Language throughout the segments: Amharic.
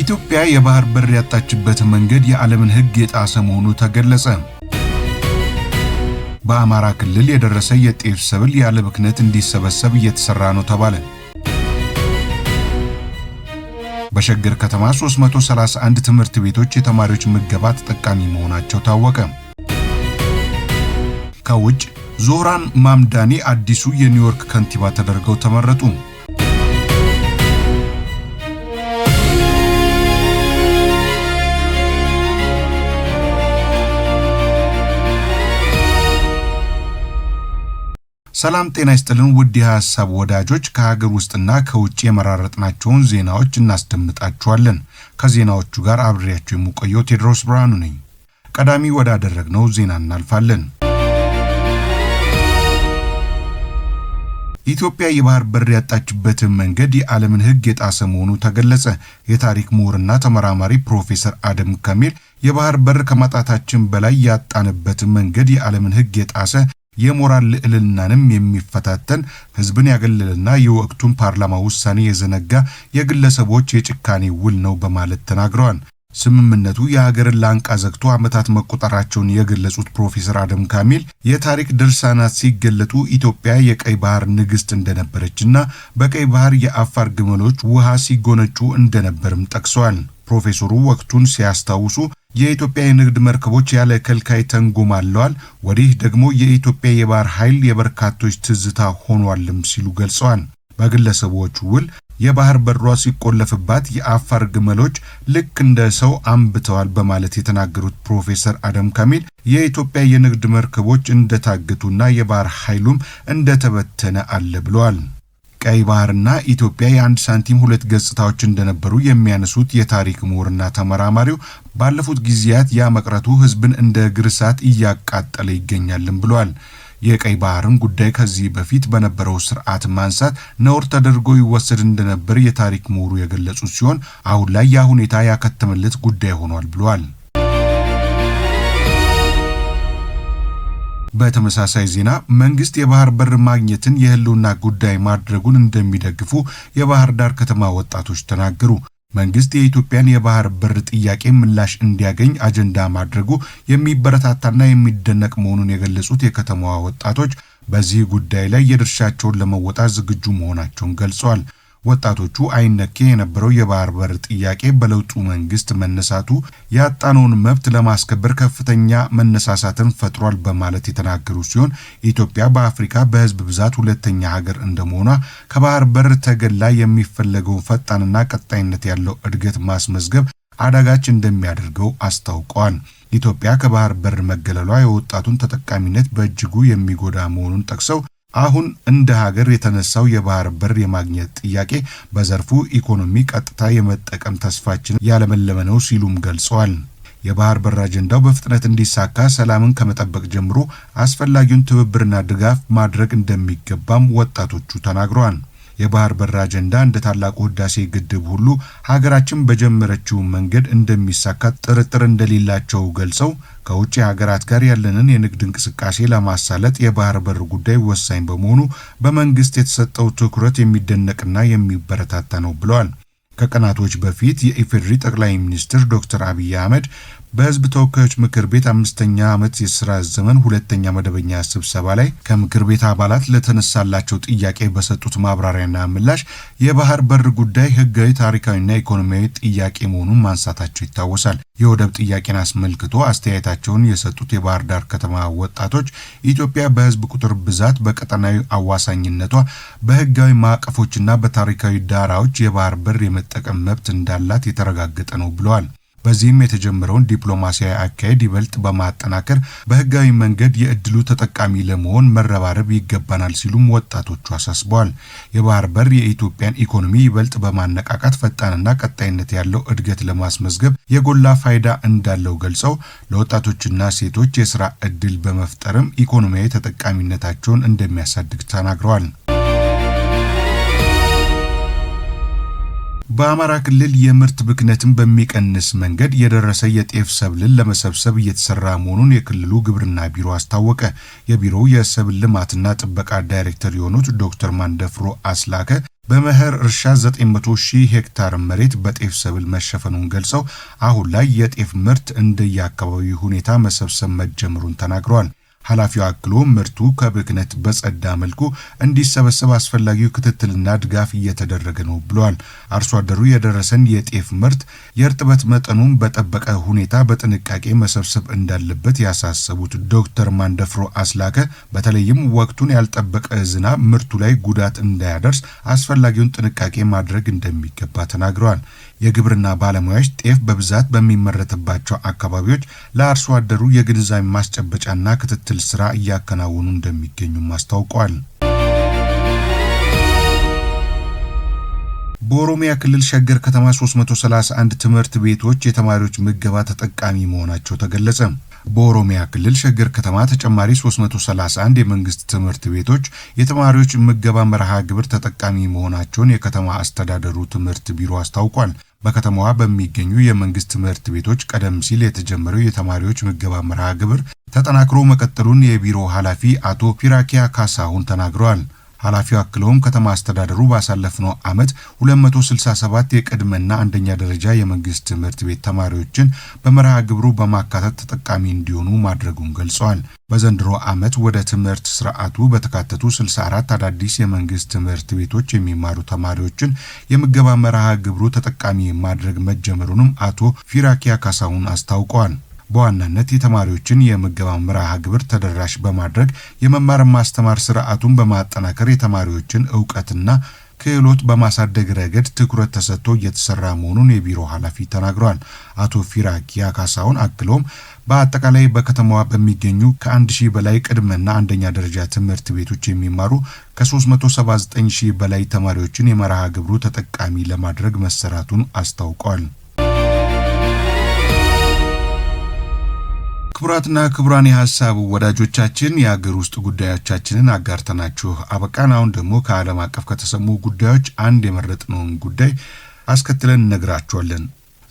ኢትዮጵያ የባህር በር ያጣችበት መንገድ የዓለምን ሕግ የጣሰ መሆኑ ተገለጸ። በአማራ ክልል የደረሰ የጤፍ ሰብል ያለ ምክንያት እንዲሰበሰብ እየተሰራ ነው ተባለ። በሸገር ከተማ 331 ትምህርት ቤቶች የተማሪዎች ምገባ ተጠቃሚ መሆናቸው ታወቀ። ከውጭ ዞራን ማምዳኒ አዲሱ የኒውዮርክ ከንቲባ ተደርገው ተመረጡ። ሰላም ጤና ይስጥልን ውድ የሀሳብ ወዳጆች፣ ከሀገር ውስጥና ከውጭ የመራረጥናቸውን ዜናዎች እናስደምጣችኋለን። ከዜናዎቹ ጋር አብሬያቸው የምቆየው ቴዎድሮስ ብርሃኑ ነኝ። ቀዳሚ ወዳደረግነው ዜና እናልፋለን። ኢትዮጵያ የባህር በር ያጣችበትን መንገድ የዓለምን ሕግ የጣሰ መሆኑ ተገለጸ። የታሪክ ምሁርና ተመራማሪ ፕሮፌሰር አደም ከሚል የባህር በር ከማጣታችን በላይ ያጣንበትን መንገድ የዓለምን ሕግ የጣሰ የሞራል ልዕልናንም የሚፈታተን ህዝብን ያገለለና የወቅቱን ፓርላማ ውሳኔ የዘነጋ የግለሰቦች የጭካኔ ውል ነው በማለት ተናግረዋል። ስምምነቱ የሀገርን ላንቃ ዘግቶ ዓመታት መቆጠራቸውን የገለጹት ፕሮፌሰር አደም ካሚል የታሪክ ድርሳናት ሲገለጡ ኢትዮጵያ የቀይ ባህር ንግሥት እንደነበረችና በቀይ ባህር የአፋር ግመሎች ውሃ ሲጎነጩ እንደነበርም ጠቅሰዋል። ፕሮፌሰሩ ወቅቱን ሲያስታውሱ የኢትዮጵያ የንግድ መርከቦች ያለ ከልካይ ተንጎማለዋል፣ ወዲህ ደግሞ የኢትዮጵያ የባህር ኃይል የበርካቶች ትዝታ ሆኗልም ሲሉ ገልጸዋል። በግለሰቦች ውል የባህር በሯ ሲቆለፍባት የአፋር ግመሎች ልክ እንደ ሰው አንብተዋል በማለት የተናገሩት ፕሮፌሰር አደም ካሚል የኢትዮጵያ የንግድ መርከቦች እንደታገቱና የባህር ኃይሉም እንደተበተነ አለ ብለዋል። ቀይ ባህርና ኢትዮጵያ የአንድ ሳንቲም ሁለት ገጽታዎች እንደነበሩ የሚያነሱት የታሪክ ምሁርና ተመራማሪው ባለፉት ጊዜያት ያ መቅረቱ ሕዝብን እንደ እግር እሳት እያቃጠለ ይገኛልም ብለዋል። የቀይ ባህርን ጉዳይ ከዚህ በፊት በነበረው ስርዓት ማንሳት ነውር ተደርጎ ይወሰድ እንደነበር የታሪክ ምሁሩ የገለጹ ሲሆን አሁን ላይ ያ ሁኔታ ያከተመለት ጉዳይ ሆኗል ብለዋል። በተመሳሳይ ዜና መንግስት የባህር በር ማግኘትን የህልውና ጉዳይ ማድረጉን እንደሚደግፉ የባህር ዳር ከተማ ወጣቶች ተናገሩ። መንግስት የኢትዮጵያን የባህር በር ጥያቄ ምላሽ እንዲያገኝ አጀንዳ ማድረጉ የሚበረታታና የሚደነቅ መሆኑን የገለጹት የከተማዋ ወጣቶች በዚህ ጉዳይ ላይ የድርሻቸውን ለመወጣት ዝግጁ መሆናቸውን ገልጸዋል። ወጣቶቹ አይነኬ የነበረው የባህር በር ጥያቄ በለውጡ መንግስት መነሳቱ ያጣነውን መብት ለማስከበር ከፍተኛ መነሳሳትን ፈጥሯል በማለት የተናገሩ ሲሆን ኢትዮጵያ በአፍሪካ በህዝብ ብዛት ሁለተኛ ሀገር እንደመሆኗ ከባህር በር ተገላ የሚፈለገውን ፈጣንና ቀጣይነት ያለው እድገት ማስመዝገብ አዳጋች እንደሚያደርገው አስታውቀዋል። ኢትዮጵያ ከባህር በር መገለሏ የወጣቱን ተጠቃሚነት በእጅጉ የሚጎዳ መሆኑን ጠቅሰው አሁን እንደ ሀገር የተነሳው የባህር በር የማግኘት ጥያቄ በዘርፉ ኢኮኖሚ ቀጥታ የመጠቀም ተስፋችን ያለመለመ ነው ሲሉም ገልጸዋል። የባህር በር አጀንዳው በፍጥነት እንዲሳካ ሰላምን ከመጠበቅ ጀምሮ አስፈላጊውን ትብብርና ድጋፍ ማድረግ እንደሚገባም ወጣቶቹ ተናግረዋል። የባህር በር አጀንዳ እንደ ታላቁ ህዳሴ ግድብ ሁሉ ሀገራችን በጀመረችው መንገድ እንደሚሳካ ጥርጥር እንደሌላቸው ገልጸው ከውጭ ሀገራት ጋር ያለንን የንግድ እንቅስቃሴ ለማሳለጥ የባህር በር ጉዳይ ወሳኝ በመሆኑ በመንግስት የተሰጠው ትኩረት የሚደነቅና የሚበረታታ ነው ብለዋል። ከቀናቶች በፊት የኢፌዴሪ ጠቅላይ ሚኒስትር ዶክተር አብይ አህመድ በህዝብ ተወካዮች ምክር ቤት አምስተኛ ዓመት የስራ ዘመን ሁለተኛ መደበኛ ስብሰባ ላይ ከምክር ቤት አባላት ለተነሳላቸው ጥያቄ በሰጡት ማብራሪያና ምላሽ የባህር በር ጉዳይ ህጋዊ፣ ታሪካዊና ኢኮኖሚያዊ ጥያቄ መሆኑን ማንሳታቸው ይታወሳል። የወደብ ጥያቄን አስመልክቶ አስተያየታቸውን የሰጡት የባህር ዳር ከተማ ወጣቶች ኢትዮጵያ በህዝብ ቁጥር ብዛት፣ በቀጠናዊ አዋሳኝነቷ፣ በህጋዊ ማዕቀፎችና በታሪካዊ ዳራዎች የባህር በር የመጠቀም መብት እንዳላት የተረጋገጠ ነው ብለዋል። በዚህም የተጀመረውን ዲፕሎማሲያዊ አካሄድ ይበልጥ በማጠናከር በህጋዊ መንገድ የእድሉ ተጠቃሚ ለመሆን መረባረብ ይገባናል ሲሉም ወጣቶቹ አሳስበዋል። የባህር በር የኢትዮጵያን ኢኮኖሚ ይበልጥ በማነቃቃት ፈጣንና ቀጣይነት ያለው እድገት ለማስመዝገብ የጎላ ፋይዳ እንዳለው ገልጸው ለወጣቶችና ሴቶች የስራ እድል በመፍጠርም ኢኮኖሚያዊ ተጠቃሚነታቸውን እንደሚያሳድግ ተናግረዋል። በአማራ ክልል የምርት ብክነትን በሚቀንስ መንገድ የደረሰ የጤፍ ሰብልን ለመሰብሰብ እየተሰራ መሆኑን የክልሉ ግብርና ቢሮ አስታወቀ። የቢሮው የሰብል ልማትና ጥበቃ ዳይሬክተር የሆኑት ዶክተር ማንደፍሮ አስላከ በመኸር እርሻ 900 ሺህ ሄክታር መሬት በጤፍ ሰብል መሸፈኑን ገልጸው አሁን ላይ የጤፍ ምርት እንደየአካባቢ ሁኔታ መሰብሰብ መጀመሩን ተናግረዋል። ኃላፊው አክሎ ምርቱ ከብክነት በጸዳ መልኩ እንዲሰበሰብ አስፈላጊው ክትትልና ድጋፍ እየተደረገ ነው ብለዋል። አርሶ አደሩ የደረሰን የጤፍ ምርት የእርጥበት መጠኑን በጠበቀ ሁኔታ በጥንቃቄ መሰብሰብ እንዳለበት ያሳሰቡት ዶክተር ማንደፍሮ አስላከ በተለይም ወቅቱን ያልጠበቀ ዝናብ ምርቱ ላይ ጉዳት እንዳያደርስ አስፈላጊውን ጥንቃቄ ማድረግ እንደሚገባ ተናግረዋል። የግብርና ባለሙያዎች ጤፍ በብዛት በሚመረትባቸው አካባቢዎች ለአርሶ አደሩ የግንዛቤ ማስጨበጫና ክትትል የክትትል ስራ እያከናወኑ እንደሚገኙም አስታውቀዋል። በኦሮሚያ ክልል ሸገር ከተማ 331 ትምህርት ቤቶች የተማሪዎች ምገባ ተጠቃሚ መሆናቸው ተገለጸ። በኦሮሚያ ክልል ሸገር ከተማ ተጨማሪ 331 የመንግስት ትምህርት ቤቶች የተማሪዎች ምገባ መርሃ ግብር ተጠቃሚ መሆናቸውን የከተማ አስተዳደሩ ትምህርት ቢሮ አስታውቋል። በከተማዋ በሚገኙ የመንግስት ትምህርት ቤቶች ቀደም ሲል የተጀመረው የተማሪዎች ምገባ መርሃ ግብር ተጠናክሮ መቀጠሉን የቢሮ ኃላፊ አቶ ፒራኪያ ካሳሁን ተናግረዋል። ኃላፊው አክለውም ከተማ አስተዳደሩ ባሳለፍነው ዓመት 267 የቅድመና አንደኛ ደረጃ የመንግስት ትምህርት ቤት ተማሪዎችን በመርሃ ግብሩ በማካተት ተጠቃሚ እንዲሆኑ ማድረጉን ገልጸዋል። በዘንድሮ ዓመት ወደ ትምህርት ስርዓቱ በተካተቱ 64 አዳዲስ የመንግስት ትምህርት ቤቶች የሚማሩ ተማሪዎችን የምገባ መርሃ ግብሩ ተጠቃሚ ማድረግ መጀመሩንም አቶ ፊራኪያ ካሳሁን አስታውቀዋል። በዋናነት የተማሪዎችን የምገባ መርሃ ግብር ተደራሽ በማድረግ የመማር ማስተማር ስርዓቱን በማጠናከር የተማሪዎችን እውቀትና ክህሎት በማሳደግ ረገድ ትኩረት ተሰጥቶ እየተሰራ መሆኑን የቢሮ ኃላፊ ተናግረዋል። አቶ ፊራኪያ ካሳሁን አክለውም በአጠቃላይ በከተማዋ በሚገኙ ከአንድ ሺህ በላይ ቅድመና አንደኛ ደረጃ ትምህርት ቤቶች የሚማሩ ከ379 ሺህ በላይ ተማሪዎችን የመርሃ ግብሩ ተጠቃሚ ለማድረግ መሰራቱን አስታውቋል። ክቡራትና ክቡራን የሀሳብ ወዳጆቻችን የአገር ውስጥ ጉዳዮቻችንን አጋርተናችሁ አበቃን። አሁን ደግሞ ከዓለም አቀፍ ከተሰሙ ጉዳዮች አንድ የመረጥነውን ጉዳይ አስከትለን እነግራችኋለን።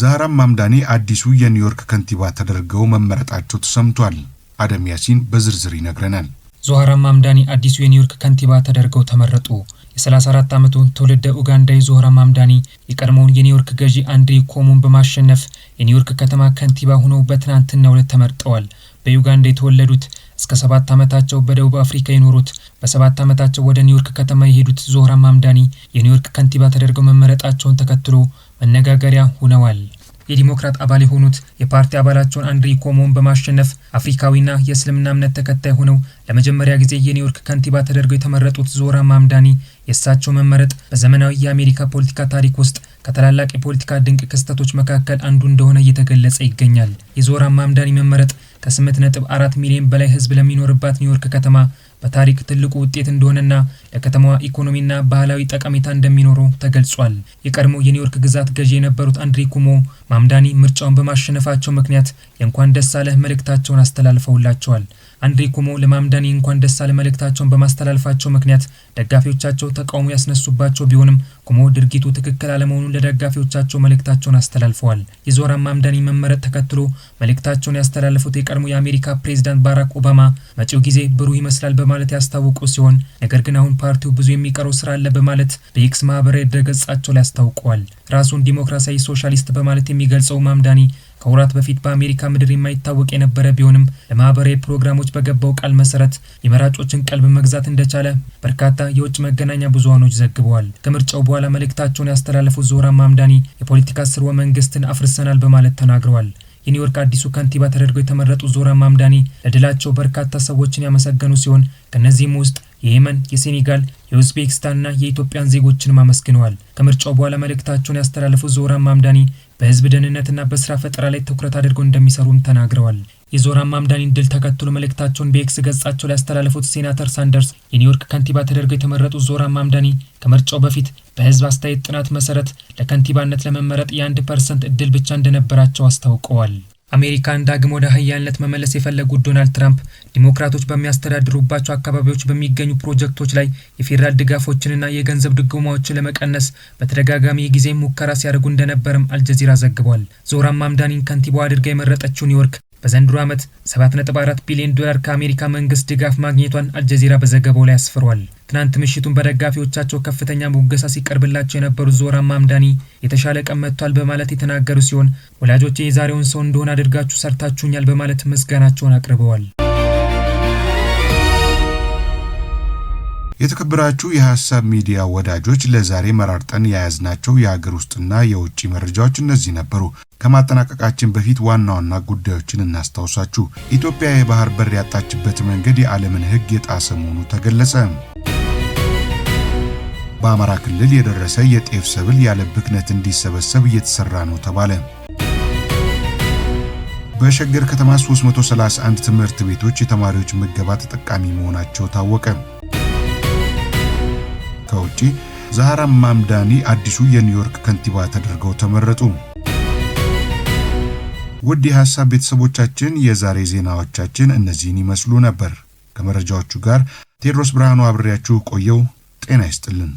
ዛህራም ማምዳኒ አዲሱ የኒውዮርክ ከንቲባ ተደርገው መመረጣቸው ተሰምቷል። አደም ያሲን በዝርዝር ይነግረናል። ዛህራም ማምዳኒ አዲሱ የኒውዮርክ ከንቲባ ተደርገው ተመረጡ። የ34 ዓመቱን ትውልደ ኡጋንዳዊ ዞህራ ማምዳኒ የቀድሞውን የኒውዮርክ ገዢ አንድሪ ኮሙን በማሸነፍ የኒውዮርክ ከተማ ከንቲባ ሆነው በትናንትናው ዕለት ተመርጠዋል። በዩጋንዳ የተወለዱት እስከ ሰባት ዓመታቸው በደቡብ አፍሪካ የኖሩት በሰባት ዓመታቸው ወደ ኒውዮርክ ከተማ የሄዱት ዞህራ ማምዳኒ የኒውዮርክ ከንቲባ ተደርገው መመረጣቸውን ተከትሎ መነጋገሪያ ሆነዋል። የዲሞክራት አባል የሆኑት የፓርቲ አባላቸውን አንድሪ ኮሞን በማሸነፍ አፍሪካዊና የእስልምና እምነት ተከታይ ሆነው ለመጀመሪያ ጊዜ የኒውዮርክ ከንቲባ ተደርገው የተመረጡት ዞራ ማምዳኒ የእሳቸው መመረጥ በዘመናዊ የአሜሪካ ፖለቲካ ታሪክ ውስጥ ከታላላቅ የፖለቲካ ድንቅ ክስተቶች መካከል አንዱ እንደሆነ እየተገለጸ ይገኛል። የዞራ ማምዳኒ መመረጥ ከ8.4 ሚሊዮን በላይ ሕዝብ ለሚኖርባት ኒውዮርክ ከተማ በታሪክ ትልቁ ውጤት እንደሆነና ለከተማዋ ኢኮኖሚና ባህላዊ ጠቀሜታ እንደሚኖረው ተገልጿል። የቀድሞ የኒውዮርክ ግዛት ገዢ የነበሩት አንድሬ ኩሞ ማምዳኒ ምርጫውን በማሸነፋቸው ምክንያት የእንኳን ደስ አለህ መልእክታቸውን አስተላልፈውላቸዋል። አንድሬ ኩሞ ለማምዳኒ እንኳን ደስ አለ መልእክታቸውን በማስተላለፋቸው ምክንያት ደጋፊዎቻቸው ተቃውሞ ያስነሱባቸው ቢሆንም ኩሞ ድርጊቱ ትክክል አለመሆኑን ለደጋፊዎቻቸው መልእክታቸውን አስተላልፈዋል። የዞራ ማምዳኒ መመረጥ ተከትሎ መልእክታቸውን ያስተላለፉት የቀድሞ የአሜሪካ ፕሬዚዳንት ባራክ ኦባማ መጪው ጊዜ ብሩህ ይመስላል በማለት ያስታወቁ ሲሆን ነገር ግን አሁን ፓርቲው ብዙ የሚቀረው ስራ አለ በማለት በኤክስ ማህበራዊ ድረገጻቸው ላይ አስታውቀዋል። ራሱን ዲሞክራሲያዊ ሶሻሊስት በማለት የሚገልጸው ማምዳኒ ከወራት በፊት በአሜሪካ ምድር የማይታወቅ የነበረ ቢሆንም ለማህበራዊ ፕሮግራሞች በገባው ቃል መሰረት የመራጮችን ቀልብ መግዛት እንደቻለ በርካታ የውጭ መገናኛ ብዙሃኖች ዘግበዋል። ከምርጫው በኋላ መልእክታቸውን ያስተላለፉት ዞራ ማምዳኒ የፖለቲካ ስርወ መንግስትን አፍርሰናል በማለት ተናግረዋል። የኒውዮርክ አዲሱ ከንቲባ ተደርገው የተመረጡ ዞራ ማምዳኒ ለድላቸው በርካታ ሰዎችን ያመሰገኑ ሲሆን ከእነዚህም ውስጥ የየመን፣ የሴኔጋል፣ የኡዝቤክስታንና የኢትዮጵያን ዜጎችንም አመስግነዋል። ከምርጫው በኋላ መልእክታቸውን ያስተላለፉት ዞራ ማምዳኒ በህዝብ ደህንነትና በስራ ፈጠራ ላይ ትኩረት አድርገው እንደሚሰሩም ተናግረዋል። የዞራ ማምዳኒን ድል ተከትሎ መልእክታቸውን በኤክስ ገጻቸው ላይ ያስተላለፉት ሴናተር ሳንደርስ የኒውዮርክ ከንቲባ ተደርገው የተመረጡት ዞራ ማምዳኒ ከምርጫው በፊት በህዝብ አስተያየት ጥናት መሰረት ለከንቲባነት ለመመረጥ የአንድ ፐርሰንት እድል ብቻ እንደነበራቸው አስታውቀዋል። አሜሪካን ዳግም ወደ ሀያልነት መመለስ የፈለጉት ዶናልድ ትራምፕ ዲሞክራቶች በሚያስተዳድሩባቸው አካባቢዎች በሚገኙ ፕሮጀክቶች ላይ የፌዴራል ድጋፎችንና የገንዘብ ድጎማዎችን ለመቀነስ በተደጋጋሚ የጊዜ ሙከራ ሲያደርጉ እንደነበርም አልጀዚራ ዘግቧል። ዞህራን ማምዳኒን ከንቲባ አድርጋ የመረጠችው ኒውዮርክ በዘንድሮ ዓመት 7.4 ቢሊዮን ዶላር ከአሜሪካ መንግስት ድጋፍ ማግኘቷን አልጀዚራ በዘገባው ላይ አስፍሯል። ትናንት ምሽቱን በደጋፊዎቻቸው ከፍተኛ ሙገሳ ሲቀርብላቸው የነበሩት ዞህራን ማምዳኒ የተሻለ ቀን መጥቷል በማለት የተናገሩ ሲሆን ወላጆቼ የዛሬውን ሰው እንደሆነ አድርጋችሁ ሰርታችሁኛል በማለት ምስጋናቸውን አቅርበዋል። የተከበራችሁ የሀሳብ ሚዲያ ወዳጆች ለዛሬ መራርጠን የያዝናቸው የሀገር ውስጥና የውጭ መረጃዎች እነዚህ ነበሩ። ከማጠናቀቃችን በፊት ዋና ዋና ጉዳዮችን እናስታውሳችሁ። ኢትዮጵያ የባህር በር ያጣችበት መንገድ የዓለምን ሕግ የጣሰ መሆኑ ተገለጸ። በአማራ ክልል የደረሰ የጤፍ ሰብል ያለ ብክነት እንዲሰበሰብ እየተሰራ ነው ተባለ። በሸገር ከተማ 331 ትምህርት ቤቶች የተማሪዎች ምገባ ተጠቃሚ መሆናቸው ታወቀ። ከውጪ ዛህራ ማምዳኒ አዲሱ የኒውዮርክ ከንቲባ ተደርገው ተመረጡ። ውድ የሐሳብ ቤተሰቦቻችን የዛሬ ዜናዎቻችን እነዚህን ይመስሉ ነበር። ከመረጃዎቹ ጋር ቴዎድሮስ ብርሃኑ አብሬያችሁ ቆየው። ጤና ይስጥልን።